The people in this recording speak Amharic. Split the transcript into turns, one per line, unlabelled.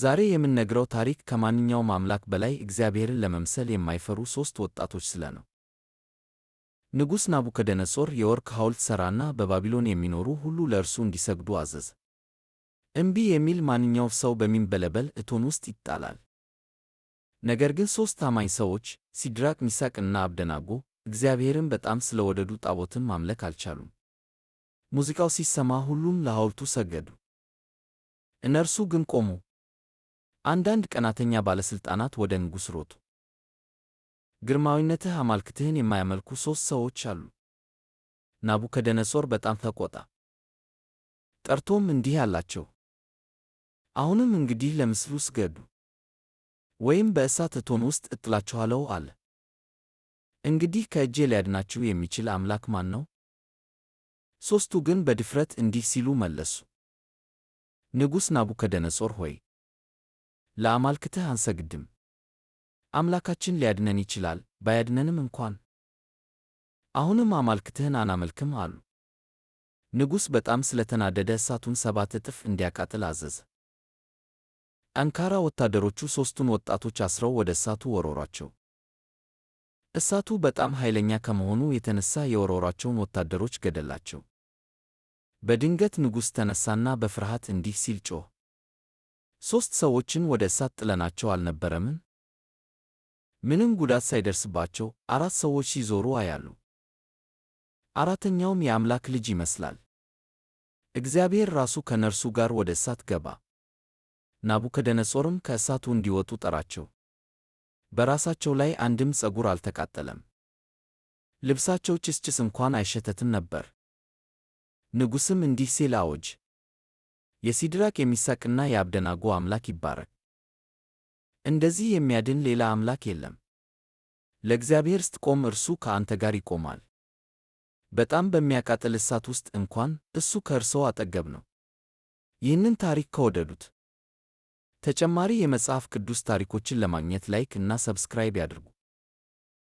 ዛሬ የምንነግረው ታሪክ ከማንኛውም አምላክ በላይ እግዚአብሔርን ለመምሰል የማይፈሩ ሦስት ወጣቶች ስለ ነው። ንጉሥ ናቡከደነጾር የወርቅ ሐውልት ሠራና በባቢሎን የሚኖሩ ሁሉ ለእርሱ እንዲሰግዱ አዘዘ። እምቢ የሚል ማንኛው ሰው በሚንበለበል እቶን ውስጥ ይጣላል። ነገር ግን ሦስት ታማኝ ሰዎች ሲድራቅ፣ ሚሳቅና አብደናጎ እግዚአብሔርን በጣም ስለወደዱ ጣዖትን ማምለክ አልቻሉም። ሙዚቃው ሲሰማ ሁሉም ለሐውልቱ ሰገዱ። እነርሱ ግን ቆሙ። አንዳንድ ቀናተኛ ባለሥልጣናት ወደ ንጉሥ ሮጡ። ግርማዊነትህ አማልክትህን የማያመልኩ ሦስት ሰዎች አሉ። ናቡከደነጾር በጣም ተቆጣ። ጠርቶም እንዲህ አላቸው፣ አሁንም እንግዲህ ለምስሉ ስገዱ፣ ወይም በእሳት እቶን ውስጥ እጥላችኋለሁ አለ። እንግዲህ ከእጄ ሊያድናችሁ የሚችል አምላክ ማን ነው? ሦስቱ ግን በድፍረት እንዲህ ሲሉ መለሱ፣ ንጉሥ ናቡከደነጾር ሆይ ለአማልክትህ አንሰግድም። አምላካችን ሊያድነን ይችላል፣ ባያድነንም እንኳን አሁንም አማልክትህን አናመልክም አሉ። ንጉሥ በጣም ስለተናደደ እሳቱን ሰባት እጥፍ እንዲያቃጥል አዘዘ። ጠንካራ ወታደሮቹ ሦስቱን ወጣቶች አስረው ወደ እሳቱ ወረሯቸው። እሳቱ በጣም ኃይለኛ ከመሆኑ የተነሳ የወረሯቸውን ወታደሮች ገደላቸው። በድንገት ንጉሥ ተነሳና በፍርሃት እንዲህ ሲል ጮህ ሦስት ሰዎችን ወደ እሳት ጥለናቸው አልነበረምን? ምንም ጉዳት ሳይደርስባቸው አራት ሰዎች ሲዞሩ አያሉ። አራተኛውም የአምላክ ልጅ ይመስላል። እግዚአብሔር ራሱ ከነርሱ ጋር ወደ እሳት ገባ። ናቡከደነጾርም ከእሳቱ እንዲወጡ ጠራቸው። በራሳቸው ላይ አንድም ፀጉር አልተቃጠለም። ልብሳቸው ጭስጭስ እንኳን አይሸተትም ነበር። ንጉሥም እንዲህ ሲል አወጅ የሲድራቅ የሚሳቅና የአብደናጎ አምላክ ይባረክ። እንደዚህ የሚያድን ሌላ አምላክ የለም። ለእግዚአብሔር ስትቆም እርሱ ከአንተ ጋር ይቆማል። በጣም በሚያቃጥል እሳት ውስጥ እንኳን እሱ ከእርስዎ አጠገብ ነው። ይህንን ታሪክ ከወደዱት ተጨማሪ የመጽሐፍ ቅዱስ ታሪኮችን ለማግኘት ላይክ እና ሰብስክራይብ ያድርጉ።